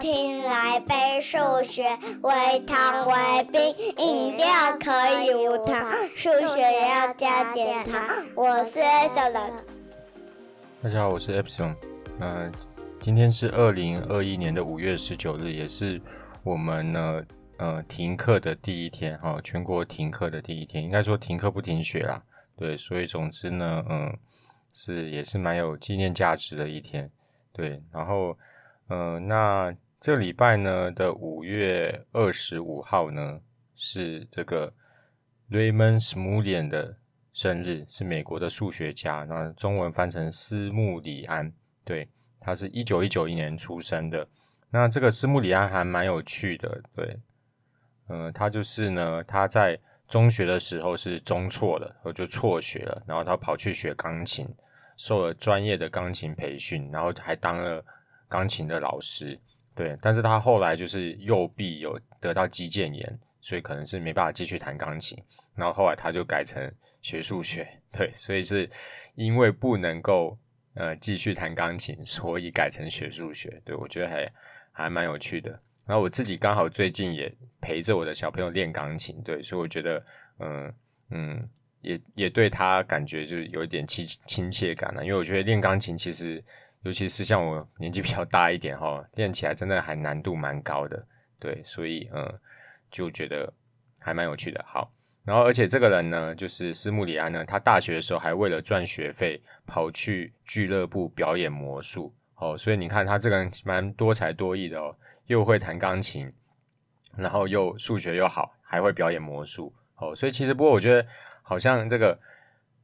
聽來杯數學，微糖微冰，飲料可以無糖，數學也要加點糖。我是艾小蘭。嗯、大家好，我是 Epson。嗯、呃，今天是二零二一年的五月十九日，也是我們呢，呃，停課的第一天哈、哦，全國停課的第一天。應該說停課不停學啦，對。所以總之呢，嗯、呃，是也是蠻有紀念價值的一天，對。然後，嗯、呃，那。這禮拜呢的五月二十五號呢，是這個 Raymond Smullyan 的生日，是美國的數學家，那中文翻成斯穆里安。對，他是一九一九年出生的。那這個斯穆里安還蠻有趣的，對，嗯，他就是呢，他在中學的時候是中輟了，然後就輟學了，然後他跑去學鋼琴，受了專業的鋼琴培訓，然後還當了鋼琴的老師。對，但是他後來就是右臂有得到肌腱炎，所以可能是沒辦法繼續彈鋼琴。然後後來他就改成學數學，對，所以是因為不能夠呃繼續彈鋼琴，所以改成學數學。對，我覺得還還蠻有趣的。然後我自己剛好最近也陪着我的小朋友練鋼琴，對，所以我覺得嗯嗯，也也對他感覺就是有點親親切感了啊，因為我覺得練鋼琴其實。尤其是像我年紀比較大一點哦，練起來真的還難度蠻高的，對，所以嗯，就覺得還蠻有趣的。好，然後而且這個人呢，就是斯穆里安呢，他大學的時候還為了賺學費跑去俱樂部表演魔術，哦，所以你看他這個人蠻多才多藝的哦，又會彈鋼琴，然後又數學又好，還會表演魔術，哦，所以其實不過我覺得好像這個。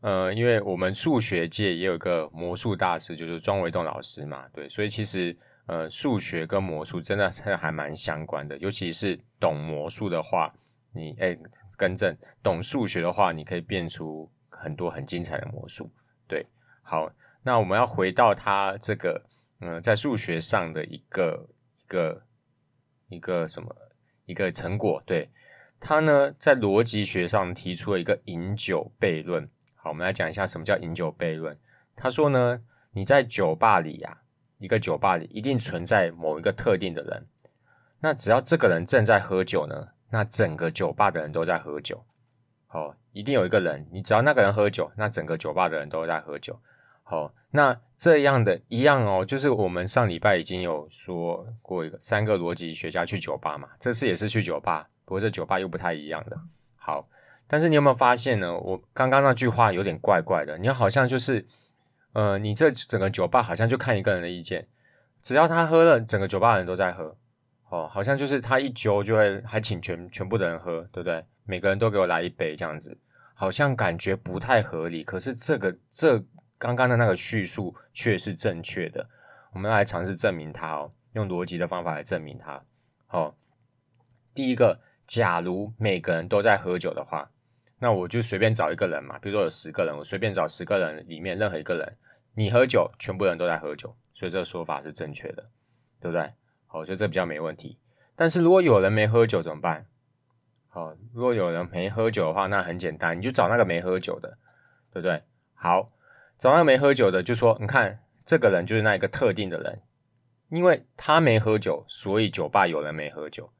呃，因為我們數學界也有個魔術大師，就是莊偉棟老師嘛，對，所以其實呃，數學跟魔術真的是還蠻相關的，尤其是懂魔術的話，你哎、欸，更正，懂數學的話，你可以變出很多很精彩的魔術，對。好，那我們要回到他這個，嗯、呃，在數學上的一個一個一個什麼一個成果，對，他呢，在邏輯學上提出了一個飲酒悖論。好，我們來講一下什麼叫飲酒悖論。他說呢，你在酒吧裡呀、啊，一個酒吧裡一定存在某一個特定的人。那只要這個人正在喝酒呢，那整個酒吧的人都在喝酒。好，一定有一個人，你只要那個人喝酒，那整個酒吧的人都在喝酒。好，那這樣的一樣哦，就是我們上禮拜已經有說過一個三個邏輯學家去酒吧嘛，這次也是去酒吧，不過這酒吧又不太一樣的。好。但是你有沒有發現呢？我剛剛那句話有點怪怪的。你好像就是，呃，你這整個酒吧好像就看一個人的意見，只要他喝了，整個酒吧的人都在喝。哦，好像就是他一揪就會還請全全部的人喝，對不對？每個人都給我來一杯這樣子，好像感覺不太合理。可是這個這剛剛的那個敘述卻是正確的。我們來嘗試證明它哦，用邏輯的方法來證明它。哦。第一個，假如每個人都在喝酒的話。那我就隨便找一個人嘛，比如說有十個人，我隨便找十個人裡面任何一個人，你喝酒，全部人都在喝酒，所以這個說法是正確的，對不對？好，所以這比較沒問題。但是如果有人沒喝酒怎麼辦？好，如果有人沒喝酒的話，那很簡單，你就找那個沒喝酒的，對不對？好，找那個沒喝酒的就說，你看這個人就是那一個特定的人，因為他沒喝酒，所以酒吧有人沒喝酒，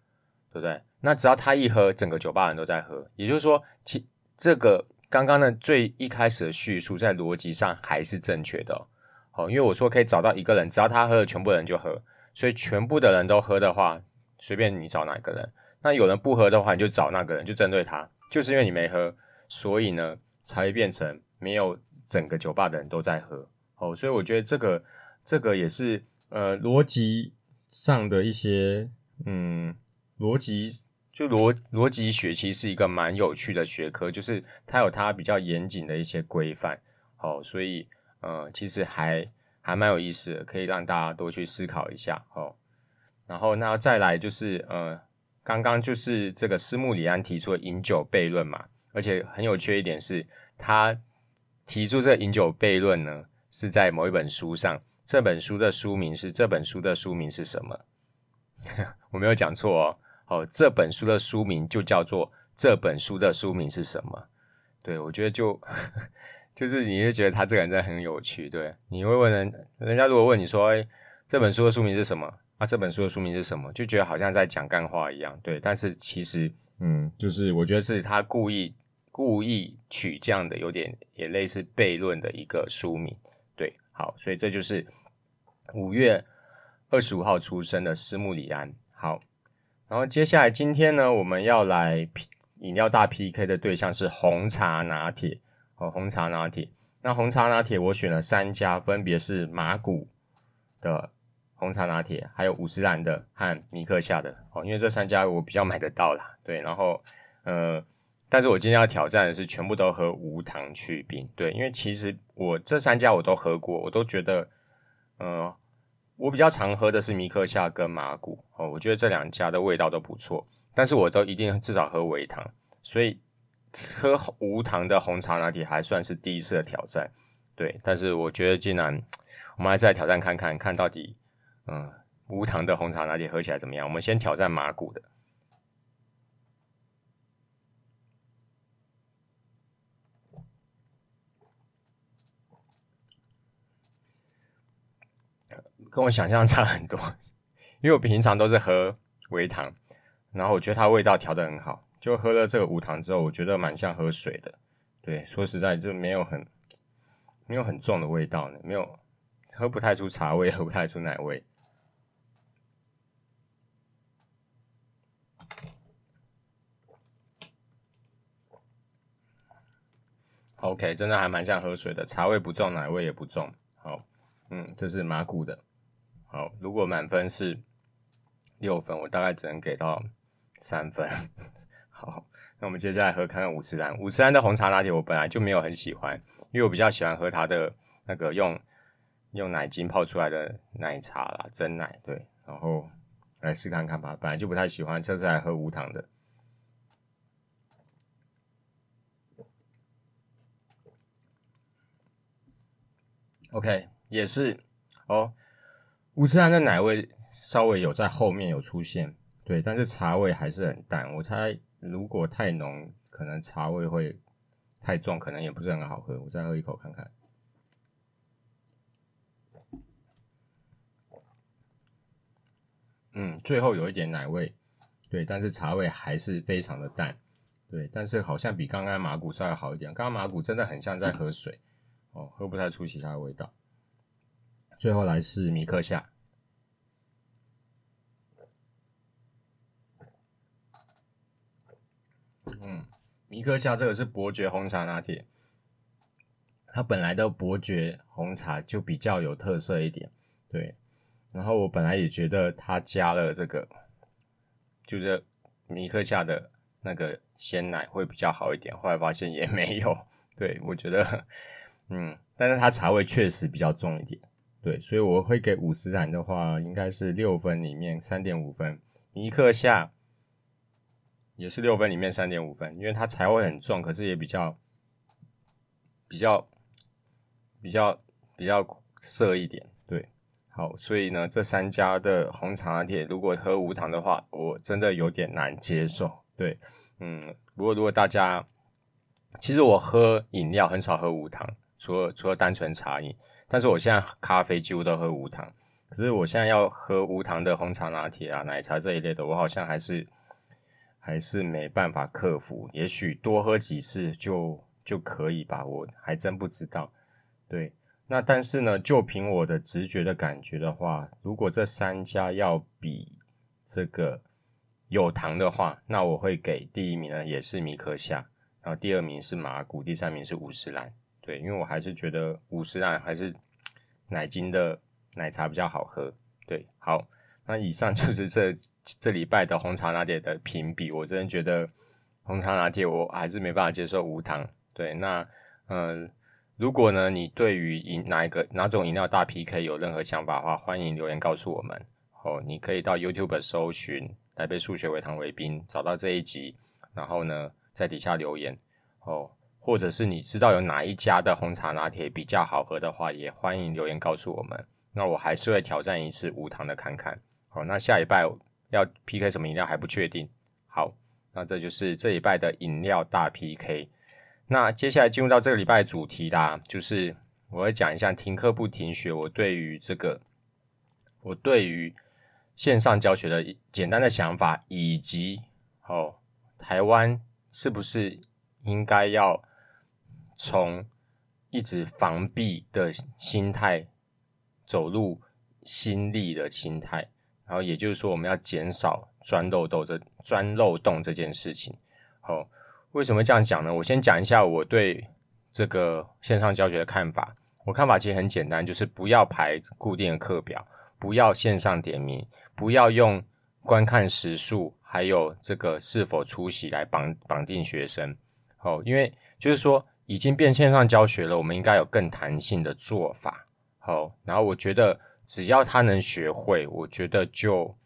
對不對？那只要他一喝，整個酒吧人都在喝，也就是說其。這個剛剛的最一開始的敘述，在邏輯上還是正確的哦，好，因為我說可以找到一個人，只要他喝了，全部人就喝，所以全部的人都喝的話，隨便你找哪個人，那有人不喝的話，你就找那個人，就針對他，就是因為你沒喝，所以呢，才變成沒有整個酒吧的人都在喝，好，所以我覺得這個這個也是呃邏輯上的一些嗯邏輯。就邏邏輯學其實是一個蠻有趣的學科，就是它有它比較嚴謹的一些規範，哦，所以呃，其實還還蠻有意思的，可以讓大家多去思考一下，哦。然後那再來就是呃，剛剛就是這個斯穆里安提出的飲酒悖論嘛，而且很有趣一點是，他提出這個飲酒悖論呢是在某一本書上，這本書的書名是這本書的書名是什麼？ 我沒有講錯哦。哦，這本書的書名就叫做《這本書的書名是什麼》？對，我覺得就就是你會覺得他這個人真的很有趣，對。你會問人，人家如果問你說：“哎，這本書的書名是什麼？”啊，這本書的書名是什麼？就覺得好像在講幹話一樣，對。但是其實，嗯，就是我覺得是他故意故意取這樣的，有點也類似悖論的一個書名，對。好，所以這就是五月二十五號出生的斯穆里安，好。然後接下來今天呢，我們要來 P 飲料大 PK 的對象是紅茶拿鐵哦，紅茶拿鐵。那紅茶拿鐵我選了三家，分別是麻古的紅茶拿鐵，還有五十嵐的和迷克夏的哦，因為這三家我比較買得到啦。對，然後呃，但是我今天要挑戰的是全部都喝無糖去冰，對，因為其實我這三家我都喝過，我都覺得，嗯、呃。我比較常喝的是迷克夏跟麻古哦，我覺得這兩家的味道都不錯，但是我都一定至少喝微糖，所以喝無糖的紅茶拿鐵還算是第一次的挑戰，對，但是我覺得竟然我們還是來挑戰看看，看到底嗯、呃、無糖的紅茶拿鐵喝起來怎麼樣？我們先挑戰麻古的。跟我想象差很多，因為我平常都是喝微糖，然後我覺得它味道調得很好，就喝了這個無糖之後，我覺得蠻像喝水的。對，說實在，就沒有很沒有很重的味道呢，沒有，喝不太出茶味，喝不太出奶味。OK，真的還蠻像喝水的，茶味不重，奶味也不重。好，嗯，這是麻古的。好，如果滿分是六分，我大概只能給到三分。 好，那我們接下來喝看看五十嵐、五十嵐的紅茶拿鐵，我本來就沒有很喜歡，因為我比較喜歡喝它的那個用用奶精泡出來的奶茶啦，真奶對。然後來試看看吧，本來就不太喜歡，這次來喝無糖的。OK，也是哦。五十嵐的奶味稍微有在後面有出現，對，但是茶味還是很淡。我猜如果太濃，可能茶味會太重，可能也不是很好喝。我再喝一口看看。嗯，最後有一點奶味，對，但是茶味還是非常的淡，對，但是好像比剛剛麻古稍微好一點。剛剛麻古真的很像在喝水，哦，喝不太出其他的味道。最後來是迷克夏，嗯，迷克夏這個是伯爵紅茶拿鐵，它本來的伯爵紅茶就比較有特色一點，對。然後我本來也覺得它加了這個，就是迷克夏的那個鮮奶會比較好一點，後來發現也沒有，對，我覺得，嗯，但是它茶味確實比較重一點。對，所以我會給五十嵐的話，應該是六分裡面三點五分。迷克夏也是六分裡面三點五分，因為它才會很重，可是也比較比較比較比較澀一點。對，好，所以呢，這三家的紅茶拿鐵，如果喝無糖的話，我真的有點難接受。對，嗯，不過如果大家其實我喝飲料很少喝無糖，除了除了單純茶飲。但是我現在咖啡幾乎都喝無糖，可是我現在要喝無糖的紅茶拿鐵啊、奶茶這一類的，我好像還是還是沒辦法克服。也許多喝幾次就就可以吧，我還真不知道。對，那但是呢，就憑我的直覺的感覺的話，如果這三家要比這個有糖的話，那我會給第一名呢，也是迷克夏，然後第二名是麻古，第三名是五十嵐。對，因為我還是覺得五十嵐還是奶精的奶茶比較好喝。對，好，那以上就是這這禮拜的紅茶拿鐵的評比。我真的覺得紅茶拿鐵我還是沒辦法接受無糖。對，那嗯、呃，如果呢你對於飲哪一個哪種飲料大 PK 有任何想法的話，歡迎留言告訴我們。哦，你可以到 YouTube 搜尋“來杯數學微糖微冰”，找到這一集，然後呢在底下留言。哦。或者是你知道有哪一家的紅茶拿鐵比較好喝的話，也歡迎留言告訴我們。那我還是會挑戰一次無糖的看看。好，那下禮拜要 PK 什麼飲料還不確定。好，那這就是這禮拜的飲料大 PK。那接下來進入到這個禮拜主題啦、啊，就是我會講一下停課不停學，我對於這個我對於線上教學的簡單的想法，以及哦，台灣是不是應該要。從一直防弊的心態走入興利的心態，然後也就是說，我們要減少鑽漏洞這鑽漏洞這件事情。好、哦，為什麼這樣講呢？我先講一下我對這個線上教學的看法。我看法其實很簡單，就是不要排固定的課表，不要線上點名，不要用觀看時數，還有這個是否出席來綁綁定學生。好、哦，因為就是說。已經變線上教學了，我們應該有更彈性的做法。好，然後我覺得只要他能學會，我覺得就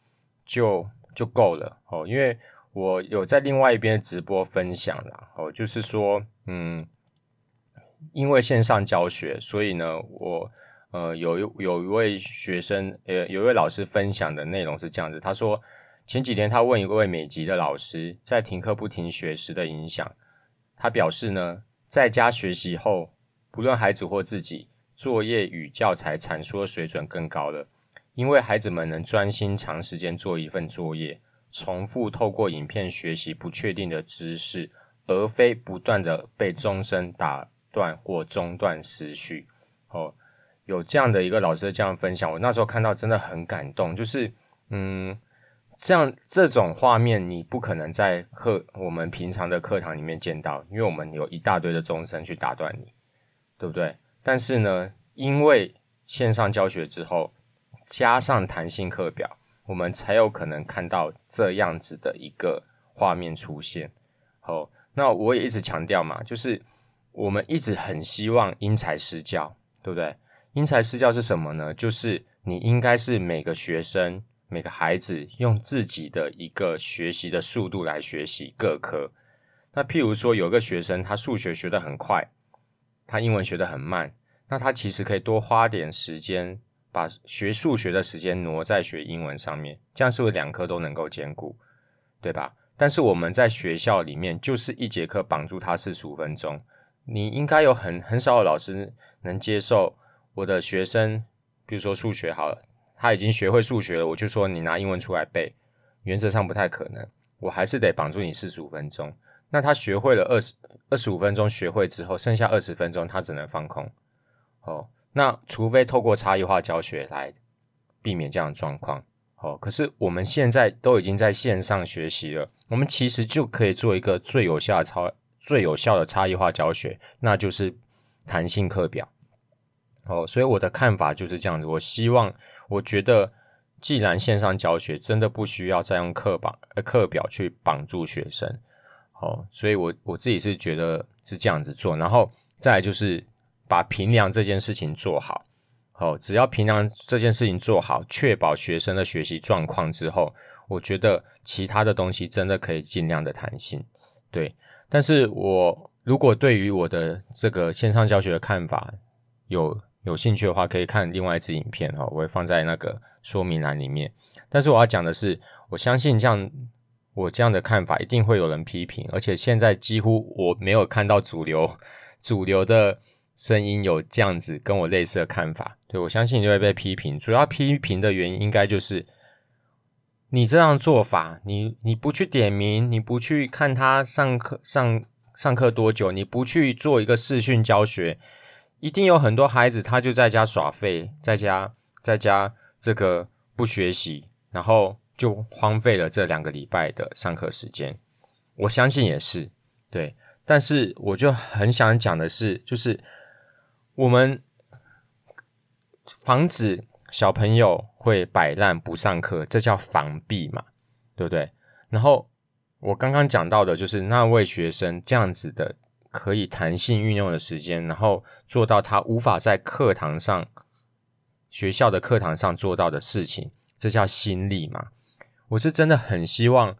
就就夠了。哦，因為我有在另外一邊直播分享然後，就是說，嗯，因為線上教學，所以呢，我呃，有有一位學生，呃，有一位老師分享的內容是這樣子。他說，前幾天他問一位美籍的老師，在停課不停學時的影響。他表示呢。在家學習後，不論孩子或自己，作業與教材闡述的水準更高了，因為孩子們能專心長時間做一份作業，重複透過影片學習不確定的知識，而非不斷地被鐘聲打斷或中斷思緒。哦，有這樣的一個老師的這樣分享，我那時候看到真的很感動，就是嗯。像這，這種畫面，你不可能在課，我們平常的課堂裡面見到，因為我們有一大堆的鐘聲去打斷你，對不對？但是呢，因為線上教學之後，加上彈性課表，我們才有可能看到這樣子的一個畫面出現。好，那我也一直強調嘛，就是我們一直很希望因材施教，對不對？因材施教是什麼呢？就是你應該是每個學生。每個孩子用自己的一個學習的速度來學習各科。那譬如說，有一個學生他數學學得很快，他英文學得很慢，那他其實可以多花點時間把學數學的時間挪在學英文上面，這樣是不是兩科都能夠兼顧？對吧？但是我們在學校裡面就是一節課綁住他四十五分鐘，你應該有很很少的老師能接受我的學生，比如說數學好了。他已經學會數學了，我就說，你拿英文出來背，原則上不太可能，我還是得綁住你四十五分鐘。那他學會了二十二十五分鐘，學會之後，剩下二十分鐘他只能放空。哦，那除非透過差異化教學來避免這樣的狀況。哦，可是我們現在都已經在線上學習了，我們其實就可以做一個最有效的差最有效的差異化教學，那就是彈性課表。哦，所以我的看法就是這樣子。我希望，我覺得，既然線上教學真的不需要再用課榜課表去綁住學生，哦，所以我我自己是覺得是這樣子做。然後再來就是把評量這件事情做好，哦，只要評量這件事情做好，確保學生的學習狀況之後，我覺得其他的東西真的可以盡量的彈性。對，但是我如果對於我的這個線上教學的看法有有興趣的話，可以看另外一支影片哈，我會放在那個說明欄裡面。但是我要講的是，我相信像我這樣的看法，一定會有人批評。而且現在幾乎我沒有看到主流主流的聲音有這樣子跟我類似的看法。對，我相信你就會被批評。主要批評的原因應該就是你這樣做法，你你不去點名，你不去看他上課上上課多久，你不去做一個視訊教學。一定有很多孩子，他就在家耍廢，在家，在家這個不學習，然後就荒廢了這兩個禮拜的上課時間。我相信也是對，但是我就很想講的是，就是我們防止小朋友會擺爛不上課，這叫防弊嘛，對不對？然後我剛剛講到的就是那位學生這樣子的。可以彈性運用的時間，然後做到他無法在課堂上、學校的課堂上做到的事情，這叫興利嘛？我是真的很希望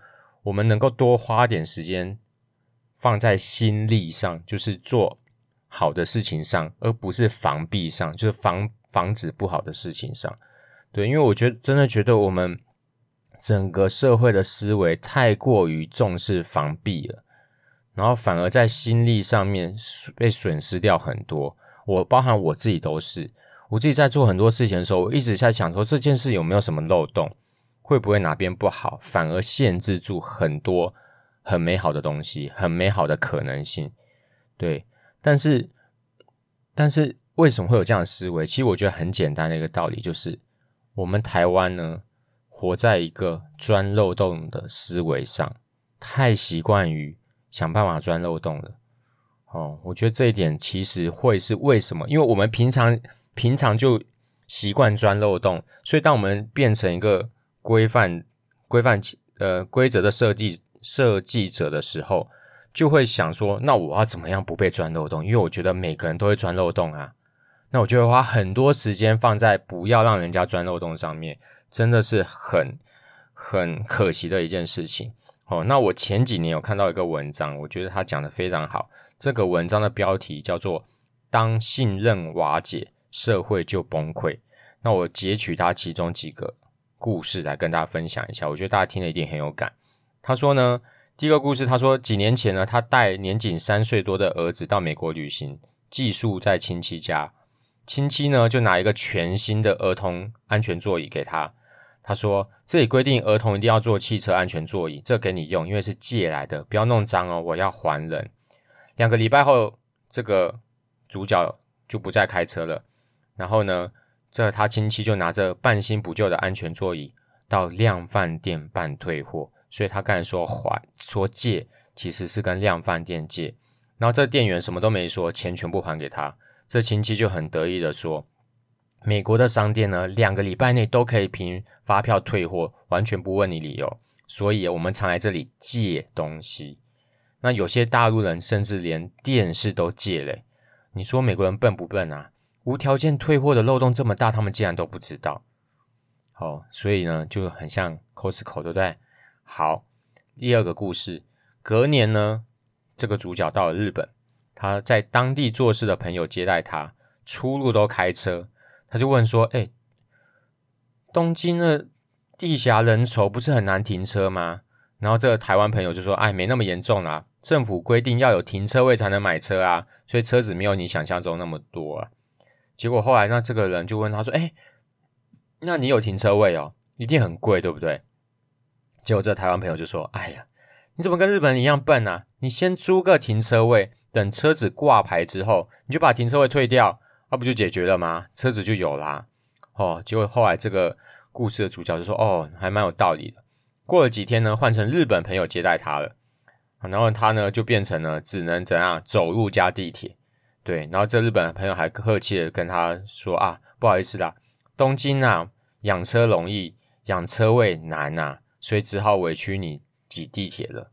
我們能夠多花點時間放在興利上，就是做好的事情上，而不是防弊上，就是防防止不好的事情上。對，因為我覺得真的覺得我們整個社會的思維太過於重視防弊了。然後反而在心力上面被損失掉很多，我包含我自己都是，我自己在做很多事情的時候，我一直在想說這件事有沒有什麼漏洞，會不會哪邊不好，反而限制住很多很美好的東西，很美好的可能性，對。但是，但是為什麼會有這樣的思維？其實我覺得很簡單的一個道理，就是我們台灣呢，活在一個鑽漏洞的思維上，太習慣於。想辦法鑽漏洞了，哦，我覺得這一點其實會是為什麼？因為我們平常平常就習慣鑽漏洞，所以當我們變成一個規範規範呃規則的設計設計者的時候，就會想說：那我要怎麼樣不被鑽漏洞？因為我覺得每個人都會鑽漏洞啊，那我就會花很多時間放在不要讓人家鑽漏洞上面，真的是很很可惜的一件事情。哦，那我前幾年有看到一個文章，我覺得他講得非常好。這個文章的標題叫做《當信任瓦解，社會就崩潰》。那我截取他其中幾個故事來跟大家分享一下，我覺得大家聽了一定很有感。他說呢，第一個故事，他說幾年前呢，他帶年僅三歲多的兒子到美國旅行，寄宿在親戚家，親戚呢就拿一個全新的兒童安全座椅給他。他說：“這裡規定兒童一定要坐汽車安全座椅，這給你用，因為是借來的，不要弄髒哦，我要還人。兩個禮拜後，這個主角就不再開車了。然後呢，這他親戚就拿着半新不舊的安全座椅到量販店辦退貨。所以他剛才說還，說借，其實是跟量販店借。然後這店員什麼都沒說，錢全部還給他。這親戚就很得意的說。”美國的商店呢，兩個禮拜內都可以憑發票退貨，完全不問你理由。所以我們常來這裡借東西。那有些大陸人甚至連電視都借嘞。你說美國人笨不笨啊？無條件退貨的漏洞這麼大，他們竟然都不知道。哦，所以呢，就很像 Costco，對不對？好，第二個故事，隔年呢，這個主角到了日本，他在當地做事的朋友接待他，出入都開車。他就問說：“哎，東京的地狹人稠，不是很難停車嗎？”然後這個台灣朋友就說：“哎，沒那麼嚴重啊，政府規定要有停車位才能買車啊，所以車子沒有你想象中那麼多啊。”結果後來，那這個人就問他說：“哎，那你有停車位哦，一定很貴，對不對？”結果這個台灣朋友就說：“哎呀，你怎麼跟日本人一樣笨啊？你先租個停車位，等車子掛牌之後，你就把停車位退掉。”那、啊、不就解決了嗎？車子就有啦，啊，哦，結果後來這個故事的主角就說：“哦，還蠻有道理的。”過了幾天呢，換成日本朋友接待他了，啊、然後他呢就變成了只能怎樣，走路加地鐵。對，然後這日本朋友還客氣的跟他說：“啊，不好意思啦，東京啊養車容易，養車位難啊，所以只好委屈你擠地鐵了。”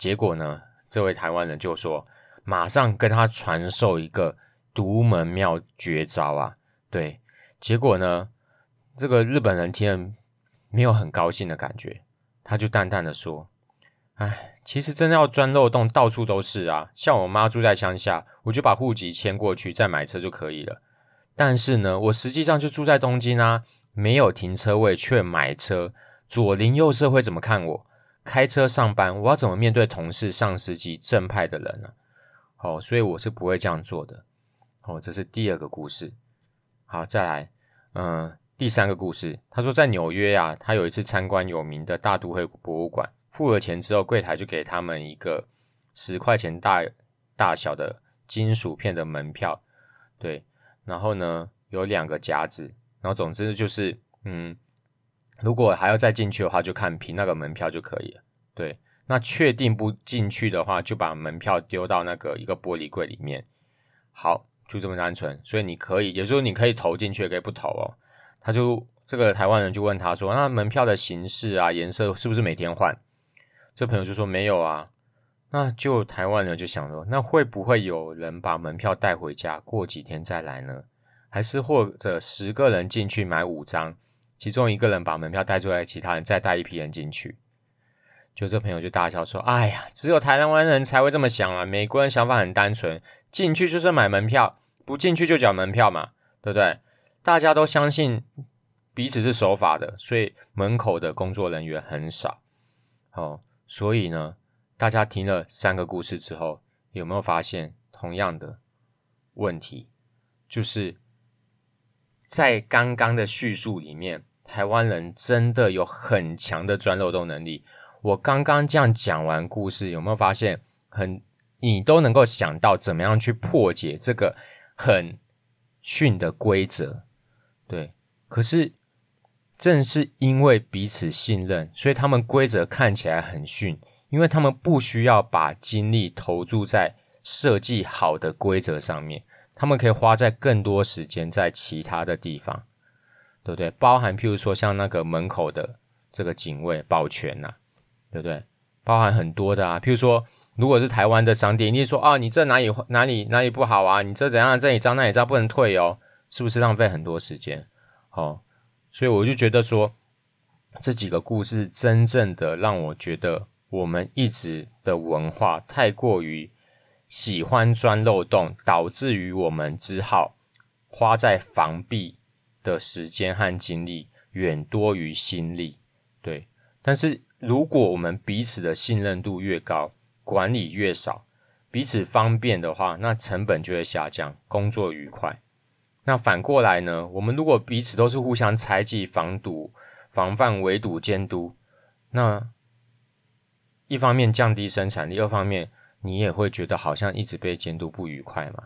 結果呢，這位台灣人就說：“馬上跟他傳授一個。”獨門妙絕招啊！對，結果呢，這個日本人聽了沒有很高興的感覺，他就淡淡的說：“哎，其實真的要鑽漏洞，到處都是啊。像我媽住在鄉下，我就把戶籍遷過去，再買車就可以了。但是呢，我實際上就住在東京啊，沒有停車位卻買車，左鄰右舍會怎麼看我？開車上班，我要怎麼面對同事、上司及正派的人呢、啊？哦，所以我是不會這樣做的。”哦，這是第二個故事。好，再來，嗯，第三個故事。他說在紐約啊，他有一次參觀有名的大都會博物館，付了錢之後，櫃檯就給他們一個十塊錢大大小的金屬片的門票，對。然後呢，有兩個夾子，然後總之就是，嗯，如果還要再進去的話，就看憑那個門票就可以了。對，那確定不進去的話，就把門票丟到那個一個玻璃櫃裡面。好。就這麼單純，所以你可以有時候你可以投進去，也可以不投哦。他就這個台灣人就問他說：“那門票的形式啊，顏色是不是每天換？”這朋友就說：“沒有啊。”那就台灣人就想說：“那會不會有人把門票帶回家，過幾天再來呢？還是或者十個人進去買五張，其中一個人把門票帶出來，其他人再帶一批人進去？”就這朋友就大笑說：“哎呀，只有台灣人才會這麼想啊！美國人想法很單純。”進去就是買門票，不進去就繳門票嘛，對不對？大家都相信彼此是守法的，所以門口的工作人員很少。哦，所以呢，大家聽了三個故事之後，有沒有發現同樣的問題？就是在剛剛的敘述裡面，台灣人真的有很強的鑽漏洞能力。我剛剛這樣講完故事，有沒有發現很？你都能夠想到怎麼樣去破解這個很遜的規則，對。可是正是因為彼此信任，所以他們規則看起來很遜，因為他們不需要把精力投注在設計好的規則上面，他們可以花在更多時間在其他的地方，對不對？包含譬如說像那個門口的這個警衛保全吶，對不對？包含很多的啊，譬如說。如果是台灣的商店，你說啊，你這哪裡哪裡哪裡不好啊？你這怎樣？這裡髒，那裡髒，不能退哦，是不是浪費很多時間？哦，所以我就覺得說，這幾個故事真正的讓我覺得，我們一直的文化太過於喜歡鑽漏洞，導致於我們只好花在防弊的時間和精力遠多於興利。對，但是如果我們彼此的信任度越高，管理越少，彼此方便的話，那成本就會下降，工作愉快。那反過來呢？我們如果彼此都是互相猜忌、防堵、防範、圍堵、監督，那一方面降低生產力，二方面你也會覺得好像一直被監督，不愉快嘛，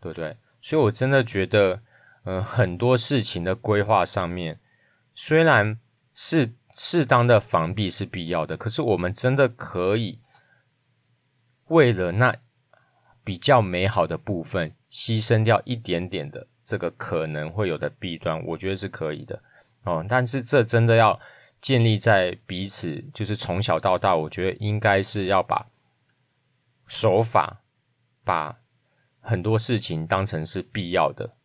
對不對？所以我真的覺得，嗯、呃，很多事情的規劃上面，雖然是適當的防弊是必要的，可是我們真的可以。為了那比較美好的部分，犧牲掉一點點的這個可能會有的弊端，我覺得是可以的哦。但是這真的要建立在彼此，就是從小到大，我覺得應該是要把守法，把很多事情當成是必要的、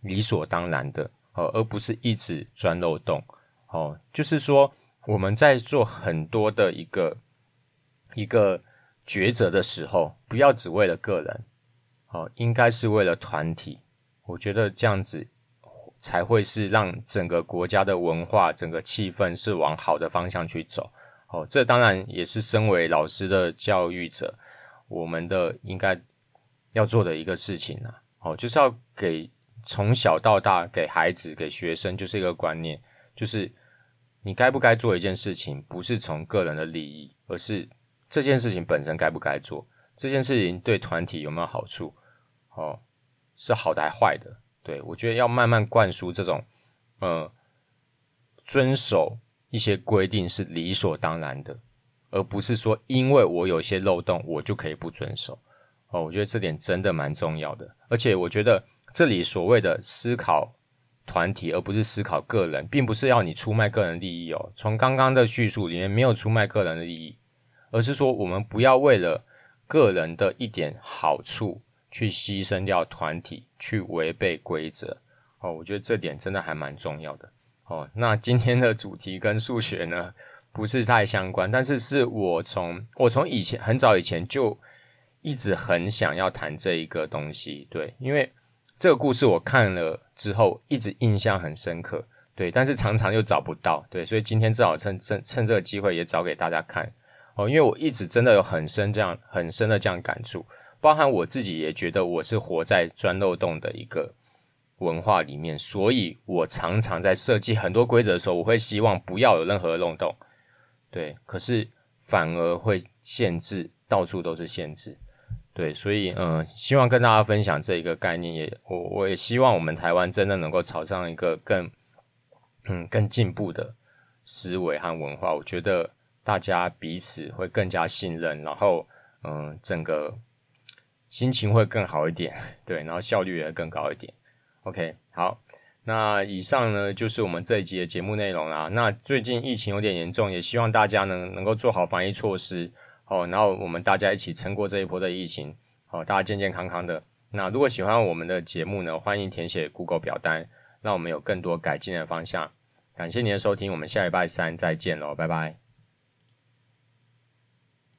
理所當然的哦、呃，而不是一直鑽漏洞哦。就是說，我們在做很多的一個一個。抉擇的時候，不要只為了個人，哦，應該是為了團體。我覺得這樣子才會是讓整個國家的文化、整個氣氛是往好的方向去走。哦，這當然也是身為老師的教育者，我們的應該要做的一個事情啊。哦，就是要給從小到大給孩子、給學生就是一個觀念，就是你該不該做一件事情，不是從個人的利益，而是。這件事情本身該不該做？這件事情對團體有沒有好處？哦，是好的還是壞的？對，我覺得要慢慢灌輸這種，呃，遵守一些規定是理所當然的，而不是說因為我有些漏洞，我就可以不遵守。哦，我覺得這點真的蠻重要的。而且我覺得這裡所謂的思考團體，而不是思考個人，並不是要你出賣個人利益哦。從剛剛的敘述裡面，沒有出賣個人的利益。而是說，我們不要為了個人的一點好處，去犧牲掉團體，去違背規則。哦，我覺得這點真的還蠻重要的。哦，那今天的主題跟數學呢，不是太相關，但是是我從我從以前很早以前就一直很想要談這一個東西。對，因為這個故事我看了之後，一直印象很深刻。對，但是常常又找不到。對，所以今天正好趁趁趁這個機會，也找給大家看。哦，因為我一直真的有很深這樣很深的這樣感觸，包含我自己也覺得我是活在鑽漏洞的一個文化裡面，所以我常常在設計很多規則的時候，我會希望不要有任何漏洞，對，可是反而會限制，到處都是限制，對，所以嗯，希望跟大家分享這一個概念也，也我我也希望我們台灣真的能夠朝上一個更嗯更進步的思維和文化，我覺得。大家彼此會更加信任，然後嗯，整個心情會更好一點，對，然後效率也更高一點。OK，好，那以上呢，就是我們這一集的節目內容啦，那最近疫情有點嚴重，也希望大家呢能夠做好防疫措施哦。然後我們大家一起撐過這一波的疫情，哦，大家健健康康的。那如果喜歡我們的節目呢，歡迎填寫 Google 表單，讓我們有更多改進的方向。感謝您的收聽，我們下禮拜三再見嘍，拜拜。